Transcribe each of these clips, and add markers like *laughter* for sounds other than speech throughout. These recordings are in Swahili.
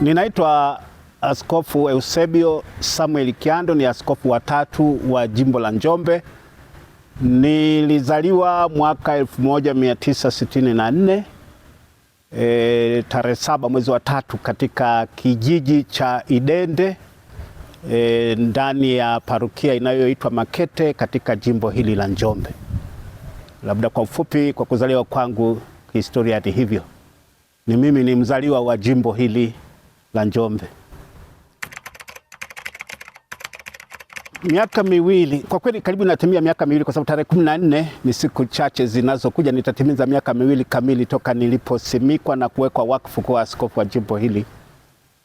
Ninaitwa Askofu Eusebio Samuel kiando ni askofu wa tatu wa jimbo la Njombe. Nilizaliwa mwaka 1964 e, tarehe saba mwezi wa tatu katika kijiji cha Idende e, ndani ya parukia inayoitwa Makete katika jimbo hili la Njombe. Labda kwa ufupi, kwa kuzaliwa kwangu, historia ni hivyo. Ni mimi ni mzaliwa wa jimbo hili la Njombe. Miaka miwili kwa kweli, karibu natimia miaka miwili kwa sababu tarehe kumi na nne ni siku chache zinazokuja, nitatimiza miaka miwili kamili toka niliposimikwa na kuwekwa wakfu kwa askofu wa jimbo hili.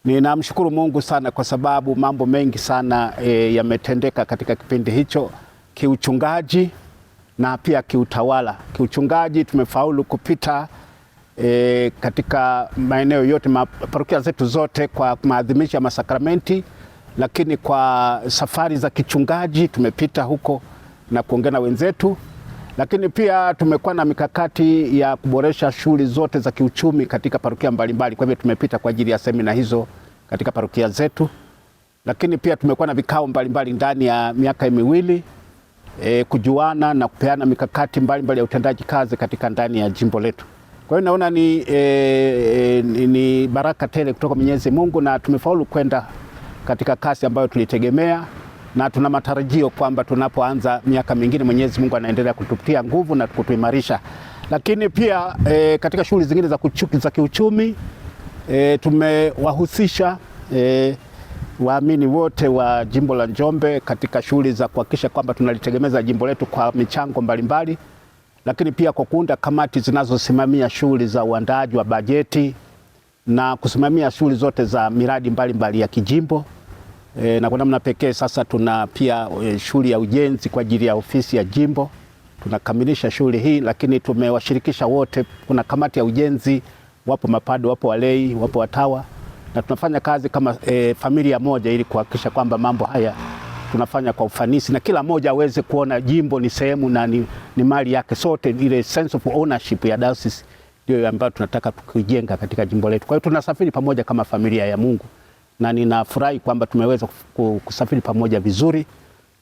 Ninamshukuru Mungu sana kwa sababu mambo mengi sana e, yametendeka katika kipindi hicho kiuchungaji na pia kiutawala. Kiuchungaji tumefaulu kupita e, katika maeneo yote parokia zetu zote kwa maadhimisho ya masakramenti, lakini kwa safari za kichungaji tumepita huko na kuongea na wenzetu, lakini pia tumekuwa na mikakati ya kuboresha shughuli zote za kiuchumi katika parokia mbalimbali. Kwa hivyo tumepita kwa ajili ya semina hizo katika parokia zetu, lakini pia tumekuwa na vikao mbalimbali ndani ya miaka miwili e, kujuana na kupeana mikakati mbalimbali mbali ya utendaji kazi katika ndani ya jimbo letu. Kwa hiyo naona ni, e, e, ni, ni baraka tele kutoka Mwenyezi Mungu na tumefaulu kwenda katika kasi ambayo tulitegemea na tuna matarajio kwamba tunapoanza miaka mingine Mwenyezi Mungu anaendelea kututia nguvu na kutuimarisha. Lakini pia e, katika shughuli zingine za, za kiuchumi e, tumewahusisha e, waamini wote wa jimbo la Njombe katika shughuli za kuhakikisha kwamba tunalitegemeza jimbo letu kwa michango mbalimbali lakini pia kwa kuunda kamati zinazosimamia shughuli za uandaaji wa bajeti na kusimamia shughuli zote za miradi mbalimbali mbali ya kijimbo. E, na kwa namna pekee sasa tuna pia e, shughuli ya ujenzi kwa ajili ya ofisi ya jimbo tunakamilisha shughuli hii, lakini tumewashirikisha wote. Kuna kamati ya ujenzi, wapo mapado, wapo walei, wapo watawa na tunafanya kazi kama e, familia moja ili kuhakikisha kwamba mambo haya tunafanya kwa ufanisi na kila mmoja aweze kuona jimbo ni sehemu na ni, ni mali yake sote. Ile sense of ownership ya diocese ndio ambayo tunataka tukijenga katika jimbo letu. Kwa hiyo tunasafiri pamoja kama familia ya Mungu, na ninafurahi kwamba tumeweza kusafiri pamoja vizuri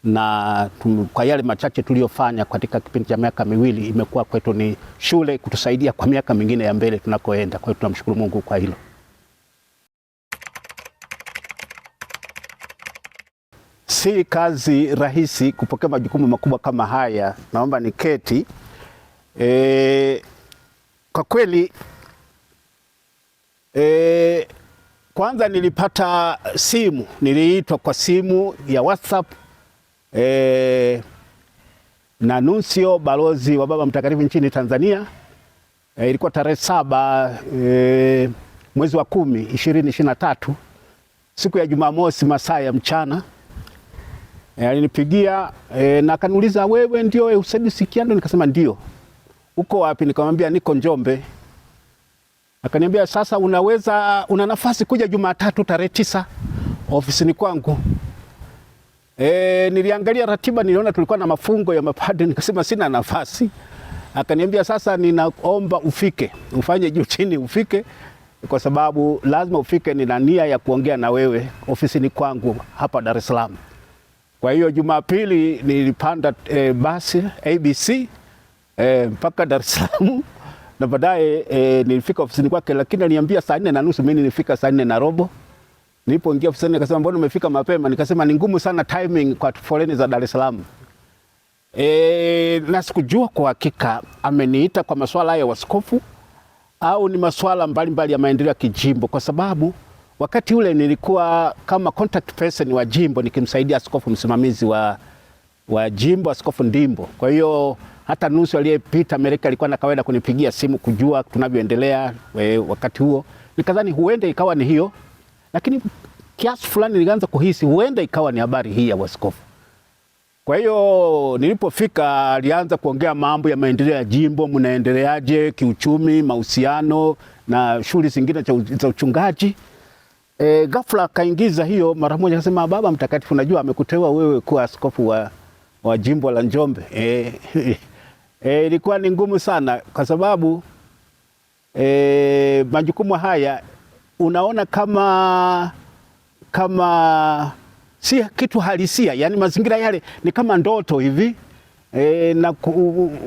na tum, kwa yale machache tuliyofanya katika kipindi cha miaka miwili imekuwa kwetu ni shule kutusaidia kwa miaka mingine ya mbele tunakoenda. Kwa hiyo tunamshukuru Mungu kwa hilo. Si kazi rahisi kupokea majukumu makubwa kama haya. Naomba niketi. E, kwa kweli e, kwanza nilipata simu, niliitwa kwa simu ya WhatsApp e, na Nuncio balozi wa Baba Mtakatifu nchini Tanzania e, ilikuwa tarehe saba e, mwezi wa kumi ishirini ishirini na tatu siku ya Jumamosi masaa ya mchana. E, alinipigia e, na akaniuliza wewe ndio Eusebius Sikiando? Nikasema ndio. Uko wapi? Nikamwambia niko Njombe. Akaniambia sasa, unaweza una nafasi kuja Jumatatu tarehe tisa ofisini kwangu. E, niliangalia ratiba niliona tulikuwa na mafungo ya mapadri, nikasema sina nafasi. Akaniambia sasa, ninaomba ufike ufanye juu chini, ufike kwa sababu lazima ufike, nina nia ya kuongea na wewe ofisini kwangu hapa Dar es Salaam. Kwa hiyo Jumapili nilipanda e, basi ABC e, eh, mpaka Dar es Salaam na baadaye eh, nilifika ofisini kwake, lakini aliniambia saa nne na nusu. Mimi nilifika saa nne na robo. Nilipoingia ofisini akasema mbona umefika mapema? Nikasema ni ngumu sana timing kwa foleni za Dar es Salaam. E, na sikujua kwa hakika ameniita kwa masuala ya waskofu au ni masuala mbalimbali ya maendeleo ya kijimbo kwa sababu Wakati ule nilikuwa kama contact person wa jimbo nikimsaidia askofu msimamizi wa, wa jimbo askofu Ndimbo. Kwa hiyo hata nusu aliyepita Amerika alikuwa na kawaida kunipigia simu kujua tunavyoendelea wakati huo. Nikadhani huenda ikawa ni hiyo, lakini kiasi fulani nilianza kuhisi huenda ikawa ni habari hii ya askofu. Kwa hiyo nilipofika, alianza kuongea mambo ya maendeleo ya jimbo, mnaendeleaje kiuchumi, mahusiano na shughuli zingine za uchungaji. E, ghafla akaingiza hiyo mara moja, akasema Baba Mtakatifu, najua amekuteua wewe kuwa askofu wa, wa jimbo la Njombe. E, *laughs* e, ilikuwa e, e, ni ngumu sana kwa sababu e, majukumu haya unaona kama kama si kitu halisia, yani mazingira yale ni kama ndoto hivi e, na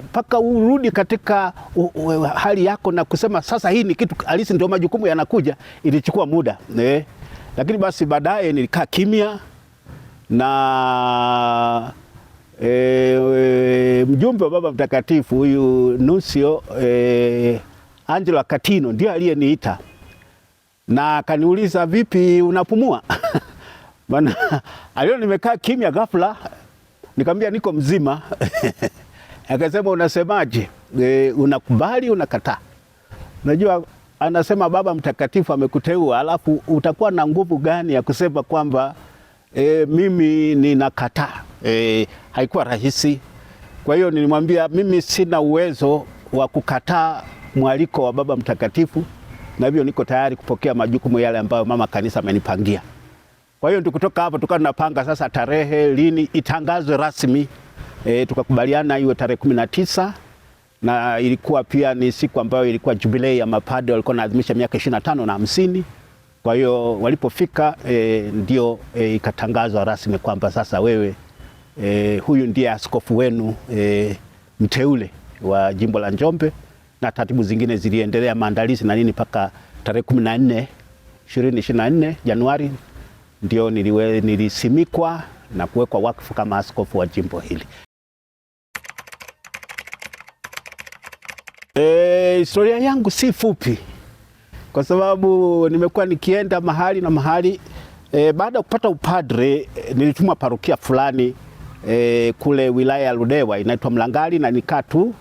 mpaka urudi katika u, u, hali yako na kusema sasa hii ni kitu halisi, ndio majukumu yanakuja. Ilichukua muda e, lakini basi baadaye nilikaa kimya na e, e, mjumbe wa Baba Mtakatifu huyu nusio e, Angelo Catino ndio aliyeniita na akaniuliza, vipi unapumua? *laughs* maana aliona nimekaa kimya ghafla Nikamwambia niko mzima *laughs* akasema unasemaje? E, unakubali unakataa? Najua anasema Baba Mtakatifu amekuteua, alafu utakuwa na nguvu gani ya kusema kwamba e, mimi ninakataa? E, haikuwa rahisi. Kwa hiyo nilimwambia mimi sina uwezo wa kukataa mwaliko wa Baba Mtakatifu, na hivyo niko tayari kupokea majukumu yale ambayo Mama Kanisa amenipangia. Kwa hiyo ndio kutoka hapo tukawa tunapanga sasa tarehe lini itangazwe rasmi e, tukakubaliana iwe tarehe kumi na tisa na ilikuwa pia ni siku ambayo ilikuwa jubilei ya mapadre walikuwa naadhimisha miaka ishirini na tano na hamsini. Kwa hiyo walipofika e, ndio e, ikatangazwa rasmi kwamba sasa wewe e, huyu ndiye askofu wenu e, mteule wa jimbo la Njombe, na taratibu zingine ziliendelea maandalizi na nini mpaka tarehe kumi na nne ishirini ishirini na nne Januari ndio niliwe, nilisimikwa na kuwekwa wakfu kama askofu wa jimbo hili. E, historia yangu si fupi kwa sababu nimekuwa nikienda mahali na mahali e, baada ya kupata upadre nilitumwa parokia fulani e, kule wilaya ya Ludewa inaitwa Mlangali na nikaa tu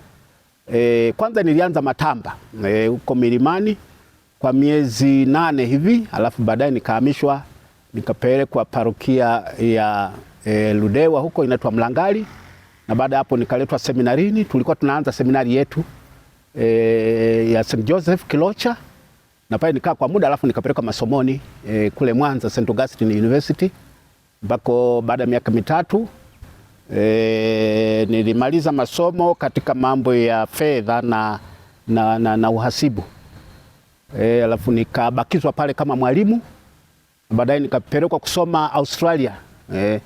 e, kwanza nilianza Matamba huko e, milimani kwa miezi nane hivi, alafu baadaye nikahamishwa nikapelekwa parokia ya e, Ludewa huko inaitwa Mlangali, na baada hapo nikaletwa seminarini. Tulikuwa tunaanza seminari yetu e, ya St Joseph Kilocha, na pale nikaa kwa muda, alafu nikapelekwa masomoni e, kule Mwanza St Augustine University ambako baada ya miaka mitatu e, nilimaliza masomo katika mambo ya fedha na, na, na, na uhasibu e, alafu nikabakizwa pale kama mwalimu na baadaye nikapelekwa kusoma Australia eh,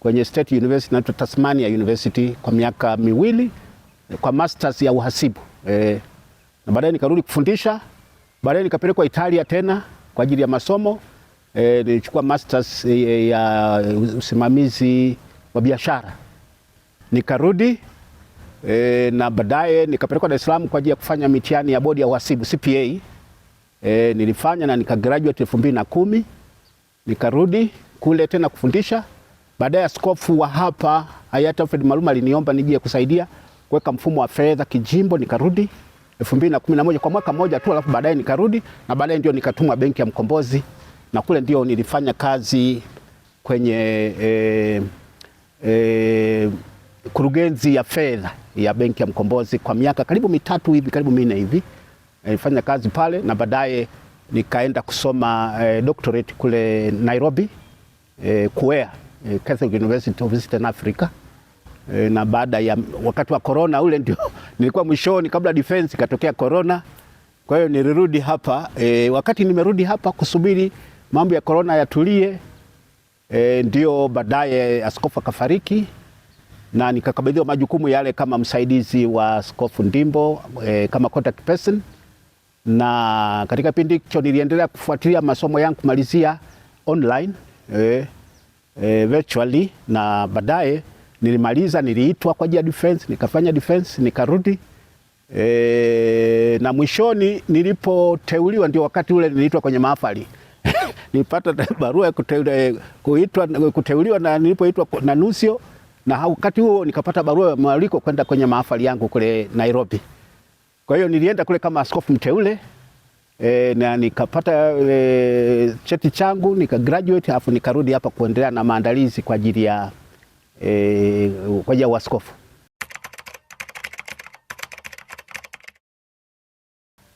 kwenye State University na Tasmania University kwa miaka miwili eh, kwa masters ya uhasibu eh, na baadaye nikarudi kufundisha. Baadaye nikapelekwa Italia tena kwa ajili ya masomo eh, nilichukua masters eh, ya usimamizi wa biashara nikarudi eh, na baadaye nikapelekwa Dar es Salaam kwa ajili ya kufanya mitihani ya bodi ya uhasibu CPA eh, nilifanya na nikagraduate elfu mbili na kumi. Nikarudi kule tena kufundisha. Baadaye askofu wa hapa hayati Alfred Malum aliniomba nije kusaidia kuweka mfumo wa fedha kijimbo, nikarudi 2011 kwa mwaka mmoja tu, alafu baadaye nikarudi, na baadaye ndio nikatumwa benki ya Mkombozi, na kule ndio nilifanya kazi kwenye eh, eh, kurugenzi ya fedha ya benki ya Mkombozi kwa miaka karibu mitatu hivi, karibu minne hivi nilifanya kazi pale na baadaye nikaenda kusoma eh, doctorate kule Nairobi eh, Kuea eh, Catholic University of Eastern Africa eh, na baada ya wakati wa corona ule ndio *laughs* nilikuwa mwishoni kabla defense ikatokea corona. Kwa hiyo nilirudi hapa eh, wakati nimerudi hapa kusubiri mambo ya corona yatulie eh, ndio baadaye askofu akafariki na nikakabidhiwa majukumu yale kama msaidizi wa askofu Ndimbo eh, kama contact person na katika kipindi hicho niliendelea kufuatilia masomo yangu kumalizia online eh, eh, virtually na baadaye nilimaliza, niliitwa kwa ajili ya defense, nikafanya defense nikarudi. eh, na mwishoni nilipoteuliwa ndio wakati ule niliitwa kwenye mahafali *laughs* nilipata barua ya kuteuliwa, kuitwa kuteuliwa na nilipoitwa na Nusio, na wakati huo nikapata barua ya mwaliko kwenda kwenye mahafali yangu kule Nairobi. Kwa hiyo nilienda kule kama askofu mteule e, na nikapata e, cheti changu nika graduate afu nikarudi hapa kuendelea na maandalizi kwa ajili ya e, kwa ajili ya uaskofu.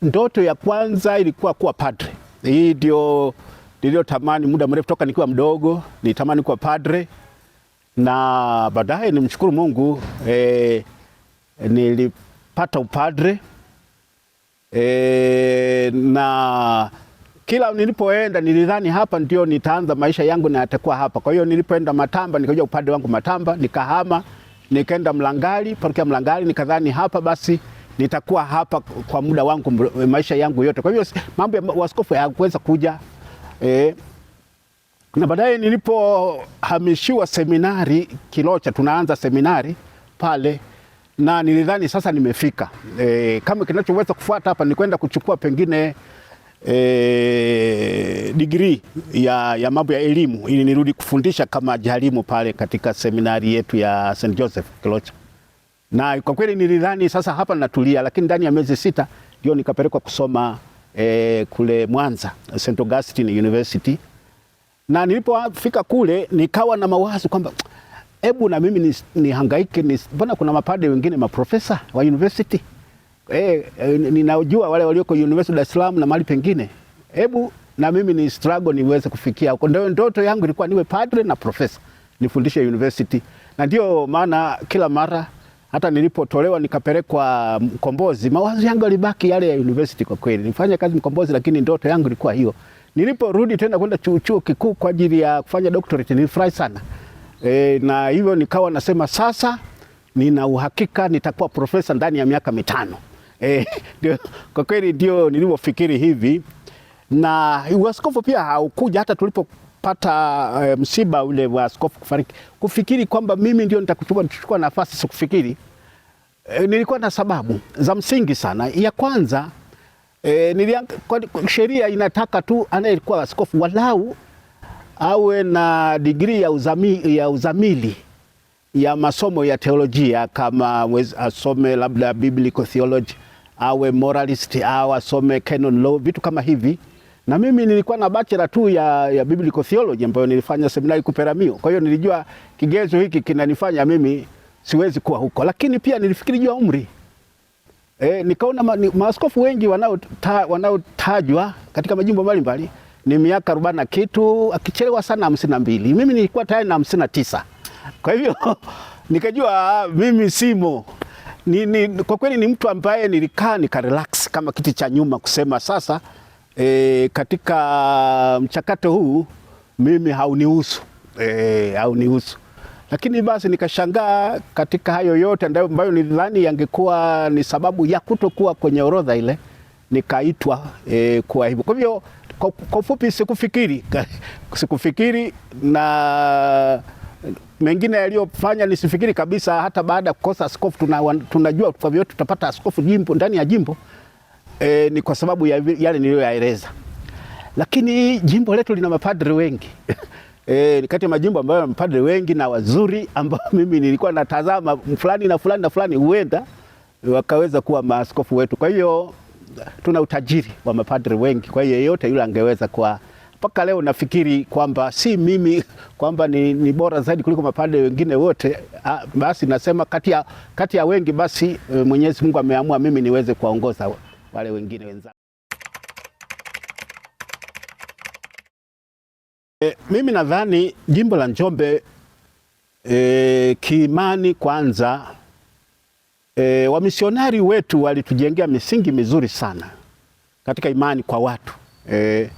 Ndoto ya kwanza ilikuwa kuwa padre. Hii ndio niliyotamani muda mrefu toka nikiwa mdogo, nitamani kuwa padre na baadaye nimshukuru Mungu e, nilipata upadre e, na kila nilipoenda nilidhani hapa ndio nitaanza maisha yangu na yatakuwa hapa. Kwa hiyo nilipoenda Matamba nikaja upande wangu Matamba, nikahama nikaenda Mlangali, parokia Mlangali, nikadhani hapa basi nitakuwa hapa kwa muda wangu maisha yangu yote. Kwa hiyo mambo ya waskofu hayakuweza kuja e, na baadaye nilipohamishiwa seminari Kilocha, tunaanza seminari pale na nilidhani sasa nimefika. E, kama kinachoweza kufuata hapa ni kwenda kuchukua pengine e, degree ya, ya mambo ya elimu ili nirudi kufundisha kama jalimu pale katika seminari yetu ya St. Joseph Kilocha. Na kwa kweli nilidhani sasa hapa natulia, lakini ndani ya miezi sita ndio nikapelekwa kusoma e, kule Mwanza St. Augustine University, na nilipofika kule nikawa na mawazo kwamba hebu na mimi nihangaike ni mbona kuna mapade wengine maprofesa wa university eh, eh, ninajua wale walioko University Dar es Salaam na mahali pengine, hebu na mimi ni struggle niweze kufikia huko. Ndio ndoto yangu ilikuwa niwe padre na profesa nifundishe university, na ndio maana kila mara hata nilipotolewa nikapelekwa Mkombozi, mawazo yangu yalibaki yale ya university. Kwa kweli nifanye kazi Mkombozi, lakini ndoto yangu ilikuwa hiyo. Niliporudi tena kwenda chuo kikuu kwa ajili ya kufanya doctorate nilifurahi sana e, na hivyo nikawa nasema sasa nina uhakika nitakuwa profesa ndani ya miaka mitano. E, *laughs* dio, kwa kweli ndio nilivyofikiri hivi, na uaskofu pia haukuja hata tulipopata e, msiba ule wa askofu kufariki. Kufikiri kwamba mimi ndio nitachukua nafasi, sikufikiri e, nilikuwa na sababu za msingi sana. Ya kwanza e, sheria inataka tu anayekuwa askofu walau awe na digrii ya, uzami, ya uzamili ya masomo ya teolojia kama asome labda biblical theology, awe moralist au asome canon law, vitu kama hivi. Na mimi nilikuwa na bachelor tu ya, ya biblical theology ambayo nilifanya seminari Kuperamio. Kwa hiyo nilijua kigezo hiki kinanifanya mimi siwezi kuwa huko, lakini pia nilifikiri jua umri e, nikaona ma, ni, maaskofu wengi wanaotajwa ta, wanao katika majimbo mbalimbali ni miaka arobaini na kitu, akichelewa sana hamsini na mbili. Mimi nilikuwa tayari na hamsini na tisa, kwa hivyo *laughs* nikajua ah, mimi simo ni, ni, kwa kweli ni mtu ambaye nilikaa nika relax kama kiti cha nyuma kusema sasa e, katika mchakato huu mimi haunihusu e, haunihusu. Lakini basi nikashangaa katika hayo yote ambayo nilidhani yangekuwa ni sababu ya kutokuwa kwenye orodha ile, nikaitwa e, kuwa hivyo. Kwa hivyo kwa ufupi, sikufikiri *laughs* sikufikiri, na mengine yaliyofanya nisifikiri kabisa. Hata baada ya kukosa askofu, tuna, tunajua kwa vyote tutapata askofu jimbo ndani ya jimbo e, ni kwa sababu ya yale niliyoyaeleza, lakini jimbo letu lina mapadri wengi *laughs* E, kati ya majimbo ambayo yana mapadri wengi na wazuri ambao *laughs* mimi nilikuwa natazama fulani na fulani na fulani huenda wakaweza kuwa maaskofu wetu. Kwa hiyo tuna utajiri wa mapadri wengi, kwa hiyo yeyote yule angeweza kwa mpaka leo nafikiri kwamba si mimi kwamba ni, ni bora zaidi kuliko mapadre wengine wote. A, ah, basi nasema kati ya, kati ya wengi basi eh, Mwenyezi Mungu ameamua mimi niweze kuwaongoza wale wengine wenzangu. E, mimi nadhani jimbo la Njombe e, kiimani kwanza E, wamisionari wetu walitujengea misingi mizuri sana katika imani kwa watu e,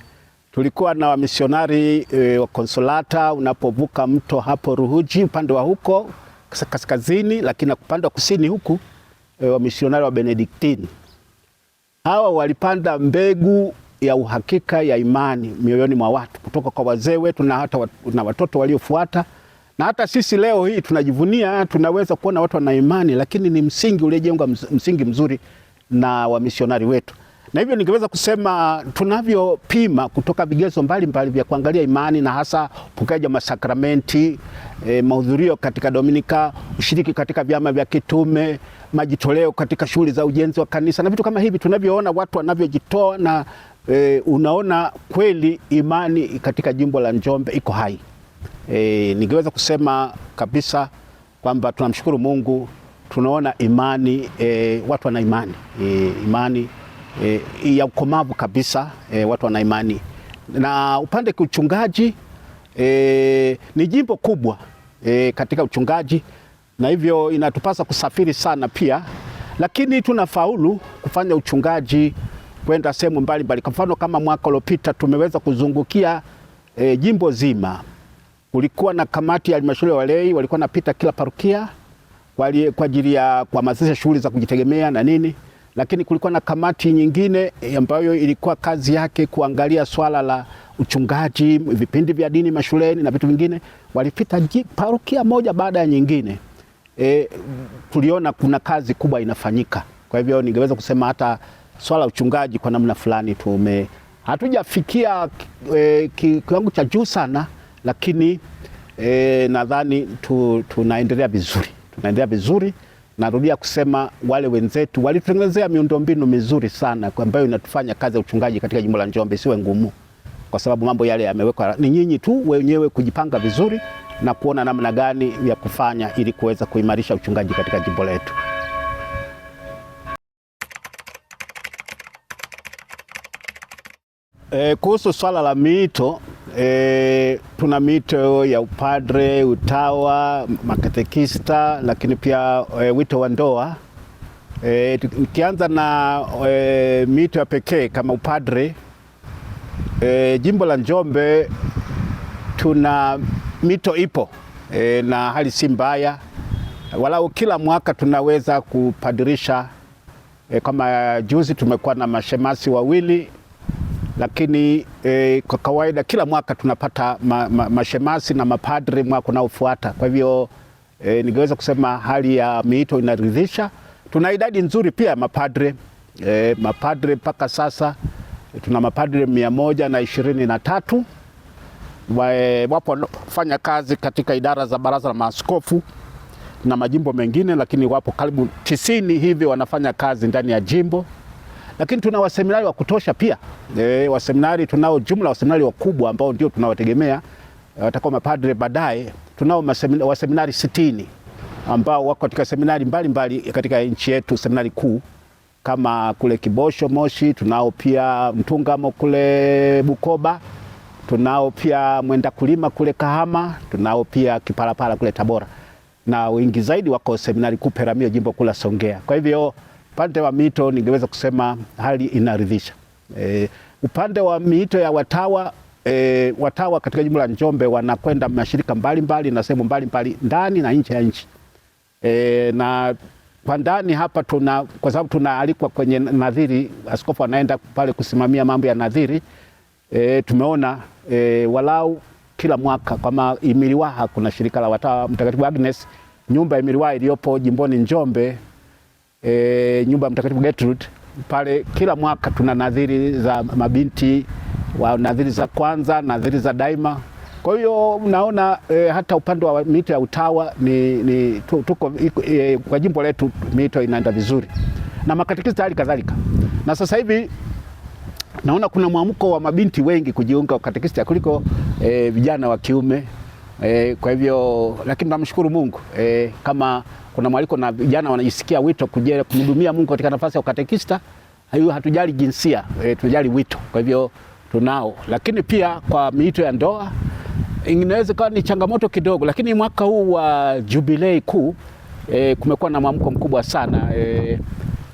tulikuwa na wamisionari e, wa Konsolata unapovuka mto hapo Ruhuji upande wa huko kaskazini, lakini upande wa kusini huku e, wamisionari wa Benediktini hawa walipanda mbegu ya uhakika ya imani mioyoni mwa watu kutoka kwa wazee wetu na hata wat, na watoto waliofuata na hata sisi leo hii tunajivunia, tunaweza kuona watu wana imani, lakini ni msingi uliojengwa, msingi mzuri na wamisionari wetu, na hivyo ningeweza kusema tunavyopima kutoka vigezo mbalimbali vya kuangalia imani na hasa pokeaji wa masakramenti e, mahudhurio katika Dominika, ushiriki katika vyama vya kitume, majitoleo katika shughuli za ujenzi wa kanisa na vitu kama hivi, tunavyoona watu wanavyojitoa na e, unaona kweli imani katika jimbo la Njombe iko hai e, ningeweza kusema kabisa kwamba tunamshukuru Mungu, tunaona imani e, watu wana imani e, imani e, ya ukomavu kabisa e, watu wana imani na upande kiuchungaji e, ni jimbo kubwa e, katika uchungaji na hivyo inatupasa kusafiri sana pia, lakini tunafaulu kufanya uchungaji kwenda sehemu mbalimbali. Kwa mfano kama mwaka uliopita tumeweza kuzungukia e, jimbo zima. Kulikuwa na kamati ya halmashauri ya walei walikuwa napita kila parokia kwa ajili ya kuhamasisha shughuli za kujitegemea na nini, lakini kulikuwa na kamati nyingine ambayo ilikuwa kazi yake kuangalia swala la uchungaji, vipindi vya dini mashuleni na vitu vingine. Walipita parokia moja baada ya nyingine. E, tuliona kuna kazi kubwa inafanyika. Kwa hivyo ningeweza kusema hata swala la uchungaji kwa namna fulani tume hatujafikia e, kiwango cha juu sana lakini e, nadhani tu, tunaendelea vizuri, tunaendelea vizuri. Narudia kusema wale wenzetu walitengenezea miundombinu mizuri sana ambayo inatufanya kazi ya uchungaji katika jimbo la Njombe siwe ngumu, kwa sababu mambo yale yamewekwa. Ni nyinyi tu wenyewe kujipanga vizuri na kuona namna gani ya kufanya ili kuweza kuimarisha uchungaji katika jimbo letu. E, kuhusu swala la miito e, eh, tuna miito ya upadre, utawa, makatekista lakini pia e, wito wa ndoa e, tukianza na e, miito ya pekee kama upadre e, jimbo la Njombe tuna mito ipo e, na hali si mbaya, walau kila mwaka tunaweza kupadirisha e, kama juzi tumekuwa na mashemasi wawili lakini e, kwa kawaida kila mwaka tunapata ma, ma, mashemasi na mapadri mwaka unaofuata. Kwa hivyo e, ningeweza kusema hali ya miito inaridhisha. Tuna idadi nzuri pia ya mapadre e, eh, mapadre mpaka sasa tuna mapadre mia moja na ishirini na tatu wapo wanafanya kazi katika idara za baraza la maaskofu na majimbo mengine, lakini wapo karibu tisini hivi wanafanya kazi ndani ya jimbo lakini tuna waseminari wa kutosha pia. E, waseminari tunao jumla waseminari wakubwa ambao ndio tunawategemea eh, watakuwa mapadre baadaye. Tunao waseminari sitini ambao wako katika seminari mbalimbali mbali katika nchi yetu, seminari kuu kama kule Kibosho Moshi, tunao pia Mtungamo kule Bukoba, tunao pia Mwenda Kulima kule Kahama, tunao pia Kipalapala kule Tabora, na wengi zaidi wako seminari kuu Peramio, jimbo kula Songea. Kwa hivyo Upande wa mito ningeweza kusema hali inaridhisha. E, upande wa mito ya watawa e, watawa katika jimbo la Njombe wanakwenda mashirika mbalimbali na sehemu mbalimbali ndani na nje ya nchi e, na kwa ndani hapa tuna kwa sababu tunaalikwa kwenye nadhiri, askofu anaenda pale kusimamia mambo ya nadhiri e, tumeona e, walau kila mwaka kama Imiliwaha kuna shirika la watawa Mtakatifu Agnes nyumba ya Imiliwaha iliyopo jimboni Njombe e, nyumba ya Mtakatifu Gertrude pale, kila mwaka tuna nadhiri za mabinti wa nadhiri za kwanza, nadhiri za daima. Kwa hiyo naona e, hata upande wa miito ya utawa ni, ni, tuko e, kwa jimbo letu miito inaenda vizuri na makatekista hali kadhalika, na sasa hivi naona kuna mwamko wa mabinti wengi kujiunga ukatekista kuliko e, vijana wa kiume e, kwa hivyo lakini namshukuru Mungu e, kama kuna mwaliko na vijana wanajisikia wito kujere kumhudumia Mungu katika nafasi ya ukatekista. Hiyo hatujali jinsia e, eh, tunajali wito. Kwa hivyo tunao, lakini pia kwa miito ya ndoa inaweza kuwa ni changamoto kidogo, lakini mwaka huu wa jubilei kuu e, kumekuwa na mwamko mkubwa sana e,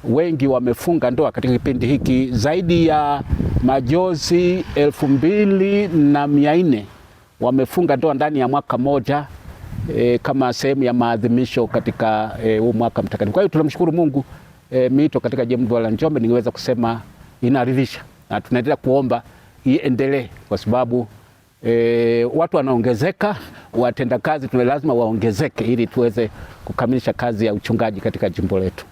wengi wamefunga ndoa katika kipindi hiki, zaidi ya majozi elfu mbili na mia nne wamefunga ndoa ndani ya mwaka moja e, kama sehemu ya maadhimisho katika eh, huu e, mwaka mtakatifu. Kwa hiyo tunamshukuru Mungu e, miito katika jimbo la Njombe ningeweza kusema inaridhisha na tunaendelea kuomba iendelee kwa sababu e, watu wanaongezeka, watendakazi tuna lazima waongezeke ili tuweze kukamilisha kazi ya uchungaji katika jimbo letu.